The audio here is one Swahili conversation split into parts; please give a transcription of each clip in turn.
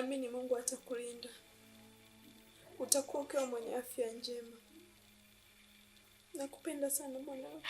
Naamini Mungu atakulinda, utakuwa ukiwa mwenye afya njema. Nakupenda sana mwanangu.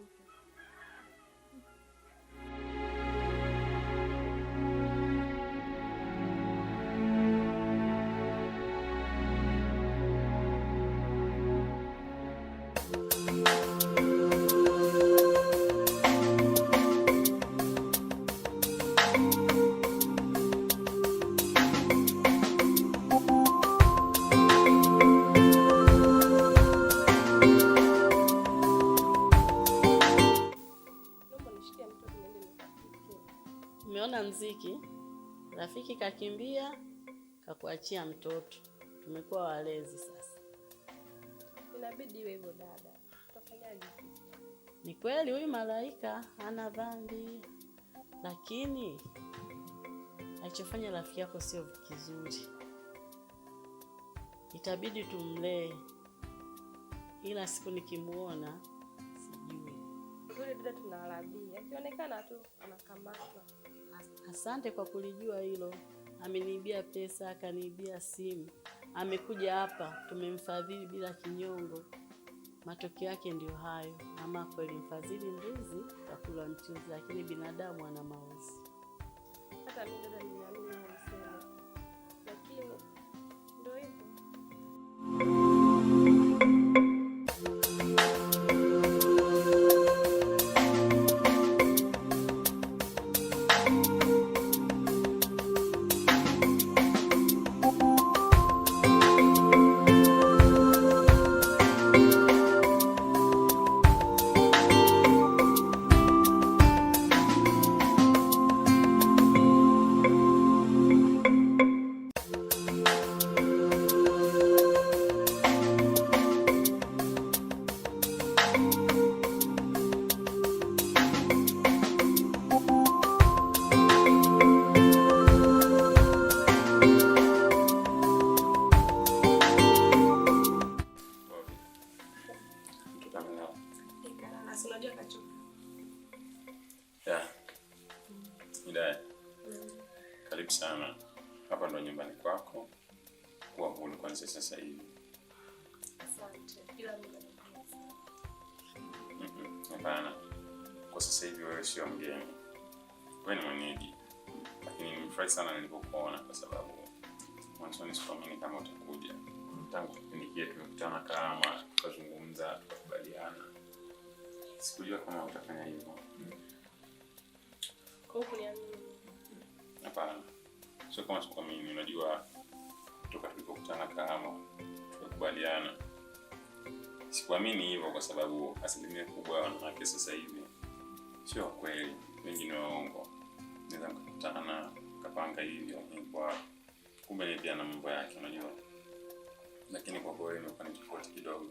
Jupiter. Tumeona mziki, rafiki kakimbia kakuachia mtoto. Tumekuwa walezi sasa. Inabidi iwe hivyo dada. Tutafanyaje? Ni kweli huyu malaika hana dhambi, lakini alichofanya rafiki yako sio kizuri. Itabidi tumlee, ila siku nikimuona labda tunawalabia, akionekana tu anakamatwa. Asante kwa kulijua hilo. Ameniibia pesa, akaniibia simu, amekuja hapa, tumemfadhili bila kinyongo. Matokeo yake ndio hayo. Mama kweli mfadhili mbuzi kakula mchuzi, lakini binadamu ana maozi. Hata mimi dada sana. Kwa sasa hivi wewe sio mgeni, wewe ni mwenyeji, lakini nimefurahi sana nilipokuona kwa sababu mwanzoni sikuamini kama utakuja. Tangu kipindi kile tumekutana kama tukazungumza, tukakubaliana, sikujua kama utafanya hivyo. Hapana, sio kama sikuamini. Unajua, toka tulipokutana kama tukakubaliana Sikuamini hivyo kwa sababu asilimia kubwa ya wanawake sasa hivi sio kweli, wengi ni waongo. Naweza na kapanga hivyo kwa kumbe ni pia na mambo yake, unajua, lakini kwa kweli imekuwa ni tofauti kidogo.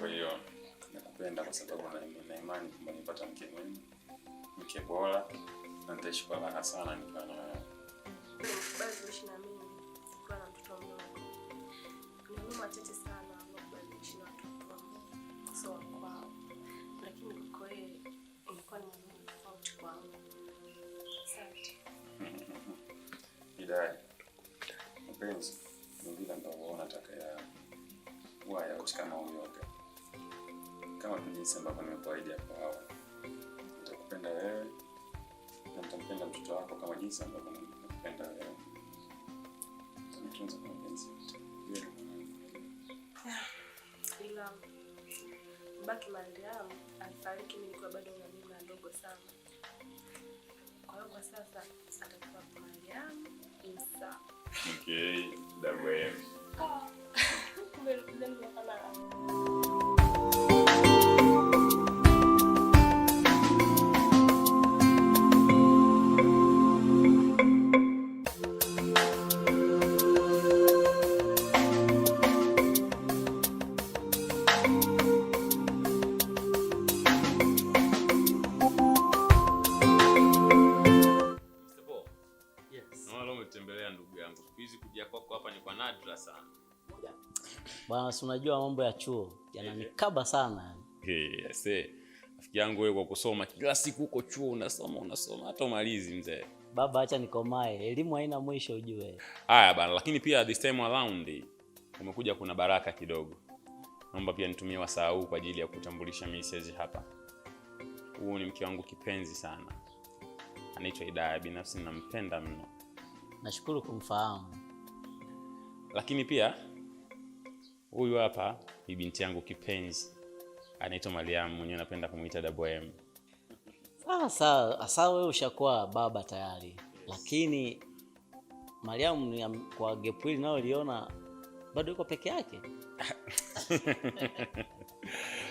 Kwa hiyo nakupenda kwa sababu na imani kwamba nipata mke mwema, mke bora, na nitaishi kwa raha sana nikiwa na wewe. Basi uishi na mimi nikiwa na mtoto mdogo. Ni mama tete uso wa kwao, lakini kwa kweli ilikuwa ni tofauti kwangu. Asante Idai. Mpenzi ni vile ambavyo unataka ya wayauti kama uyoga, kama jinsi ambavyo nimekuahidi hapo awali, nitakupenda wewe na nitampenda mtoto wako kama jinsi ambavyo nimekupenda wewe. alibaki marehemu alifariki mimi nikiwa bado na mimi ndogo sana. Kwa hiyo kwa sasa atakuwa marehemu Isa. Okay, that way. dawe. Bwana, si unajua mambo ya chuo yananikaba sana. Yes, eh. Rafiki yangu wewe kwa kusoma kila siku uko chuo unasoma unasoma hata umalizi mzee. Baba, acha nikomae, elimu haina mwisho ujue. Haya bana, lakini pia this time around umekuja kuna baraka kidogo. Naomba pia nitumie wasaa huu kwa ajili ya kutambulisha misezi hapa. Huu ni mke wangu kipenzi sana, anaitwa Idaya. Binafsi nampenda mno. Nashukuru kumfahamu. Lakini pia huyu hapa ni binti yangu kipenzi anaitwa Mariam, mwenyewe napenda kumwita WM. sasa asa wewe ushakuwa baba tayari. Lakini Mariam kwa gepu hili nao liona bado yuko peke yake.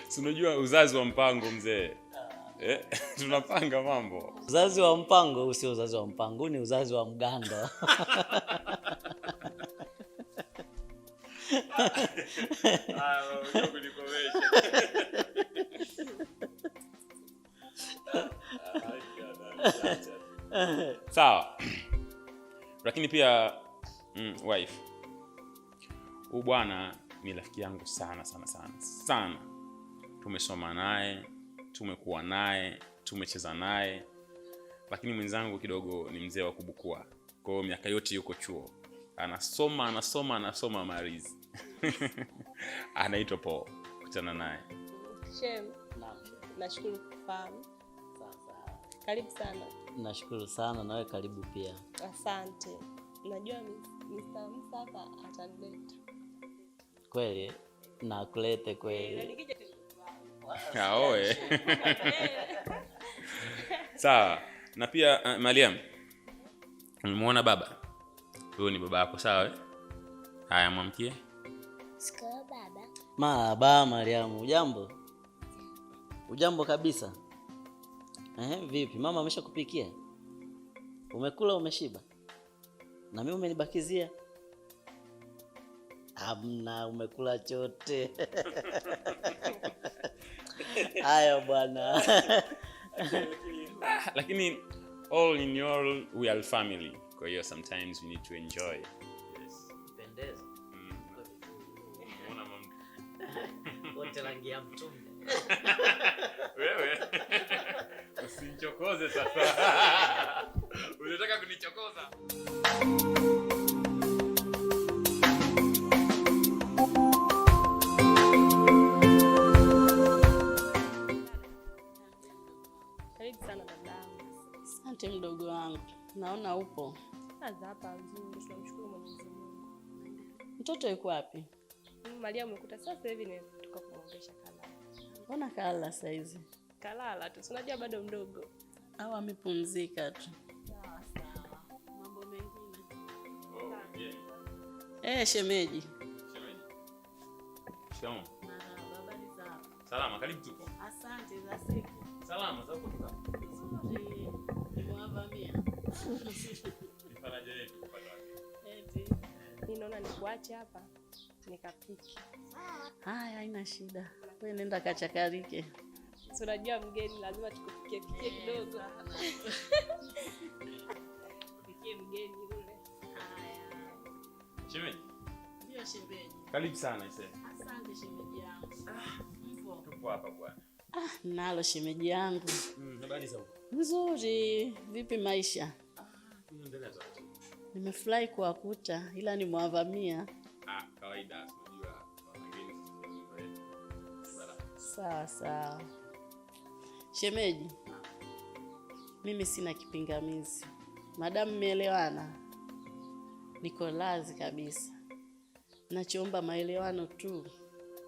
Si unajua uzazi wa mpango mzee. Ah. Eh, tunapanga mambo. Uzazi wa mpango sio uzazi wa mpango, ni uzazi wa mgando. Sawa, lakini pia mm, wife huu bwana ni rafiki yangu sana sana sana sana. Tumesoma naye, tumekuwa naye, tumecheza naye, lakini mwenzangu kidogo ni mzee wa kubukua, kwao miaka yote yuko chuo anasoma anasoma anasoma marizi anaitwa Paul, kuchana naye. Nashukuru kufahamu. Karibu sana. Nashukuru sana nawe, karibu pia. Asante. Najua Mr. Musa kweli, na kulete kweli. Aoe, ah, sawa. Na pia uh, Mariam, umemwona baba huyo ni baba yako, sawa? Eh? Haya, mwamkie. Sikawa baba. Mariamu, ujambo? Ujambo kabisa. Eh, vipi mama, ameshakupikia? Umekula, umeshiba? Na mimi umenibakizia? Amna, umekula chote. Haya bwana. Ah, lakini all in your we are family. Kwa hiyo sometimes we need to enjoy. Yes. Wewe. Usinichokoze sasa. Unataka kunichokoza? Karibu sana dadangu. Asante mdogo wangu. Naona upo hapa nzuri, tunamshukuru Mwenyezi Mungu. Mtoto yuko wapi? Maria umekuta sasa hivi nimetoka kumwongesha kalala. Mbona kalala saa hizi? Kalala tu, unajua bado mdogo au amepumzika tu. Sawa sawa. Mambo mengine. Oh, yeah. Eh, shemeji. Shemeji. Shikamoo. Salama, karibu tuko. Asante za siku. Salama, za kutoka. Nzuri ninaona nikuache hapa nikapiki. Haya, haina shida, we nenda kachakarike. Unajua mgeni lazima tukupikie pikie kidogo, pikie mgeni ule. Shemeji, ndio shemeji, karibu sana. Asante shemeji yangu. Mpo? Tupo hapa bwana. Ah, nalo shemeji yangu. Mm, habari za huko? Nzuri. Vipi maisha? Nimefurahi kuwakuta ila nimewavamia. Ah, kawaida Sawa sawa. Shemeji, ah. mimi sina kipingamizi madamu mmeelewana, niko lazi kabisa. Nachoomba maelewano tu.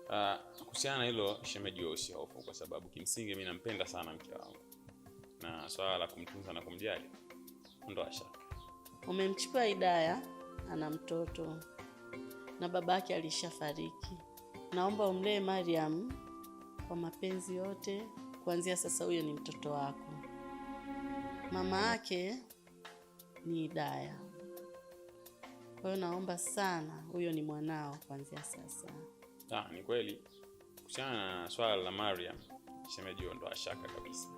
Uh, kuhusiana na hilo shemeji, wewe usihofu, kwa sababu kimsingi mimi nampenda sana mke wangu, na swala la kumtunza na kumjali ndo ashaka. Umemchukua Hidaya, ana mtoto na babake alishafariki. Naomba umlee Mariam kwa mapenzi yote, kuanzia sasa huyo ni mtoto wako. Mama yake ni Hidaya, kwa hiyo naomba sana, huyo ni mwanao kuanzia sasa. Ah, ni kweli. Kuhusiana na swala la Mariam, shemeji, huyo ndo ashaka kabisa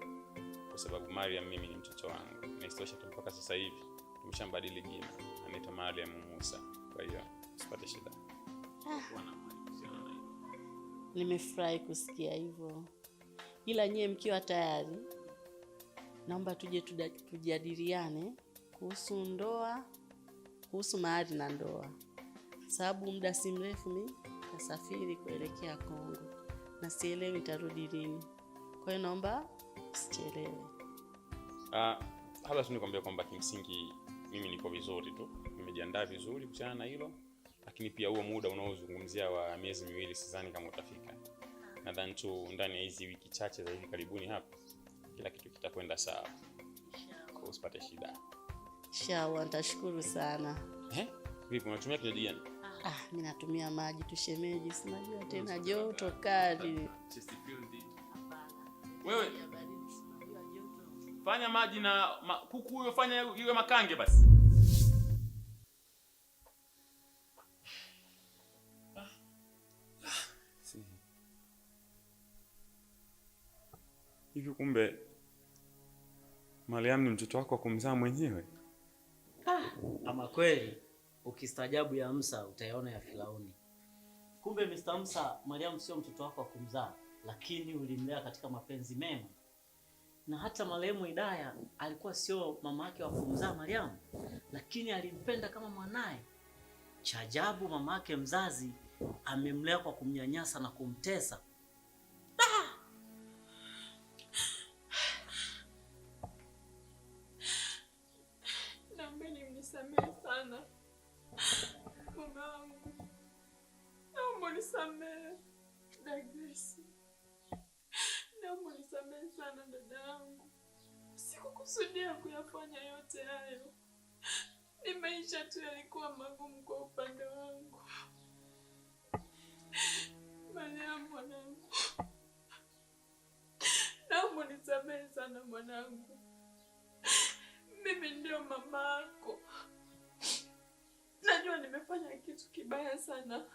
sababu Mariam mimi ni mtoto wangu. Na isitoshe tu mpaka sasa hivi tumeshambadili jina, anaitwa Mariam Musa. Kwa hiyo usipate shida. Ah. Nimefurahi kusikia hivyo, ila nyie mkiwa tayari, naomba tuje tujadiliane kuhusu ndoa, kuhusu mahari na ndoa, sababu muda si mrefu mi nasafiri kuelekea Kongo na sielewi nitarudi lini. Kwa hiyo naomba Sijielewi. Uh, ah, labda tu nikwambia kwamba kimsingi mimi niko vizuri tu, nimejiandaa vizuri kuchana na hilo, lakini pia huo muda unaozungumzia wa miezi miwili sidhani kama utafika. Nadhani tu ndani ya hizi wiki chache za hivi karibuni hapa kila kitu kitakwenda sawa, usipate shida. Shawa, ntashukuru sana. Eh? Vipi unatumia kinywaji gani? Ah, mimi natumia maji tushemeji sinajua tena joto kali. Wewe fanya maji na ma, kuku huyo fanya iwe makange basi. Ah. Hivi kumbe Mariam ni mtoto wako wa kumzaa mwenyewe? Ah, ama kweli ukistajabu ya Musa utayaona ya Firauni. Kumbe Mr. Musa, Mariam sio mtoto wako wa kumzaa, lakini ulimlea katika mapenzi mema na hata marehemu Hidaya alikuwa sio mama yake wa kumzaa Mariamu, lakini alimpenda kama mwanaye. Cha ajabu mama yake mzazi amemlea kwa kumnyanyasa na kumtesa sana dadangu, sikukusudia kuyafanya yote hayo. Ni maisha tu yalikuwa magumu kwa upande wangu. Mariamu mwanangu, naomba unisamehe sana mwanangu, mimi ndio mama yako. Najua nimefanya kitu kibaya sana,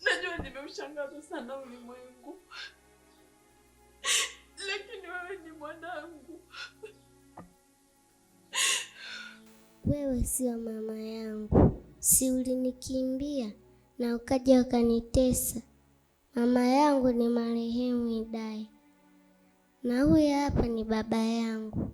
najua nimeushangaza sana ulimwengu. wewe sio mama yangu, si ulinikimbia na ukaja ukanitesa? Mama yangu ni marehemu Idai, na huyu hapa ni baba yangu.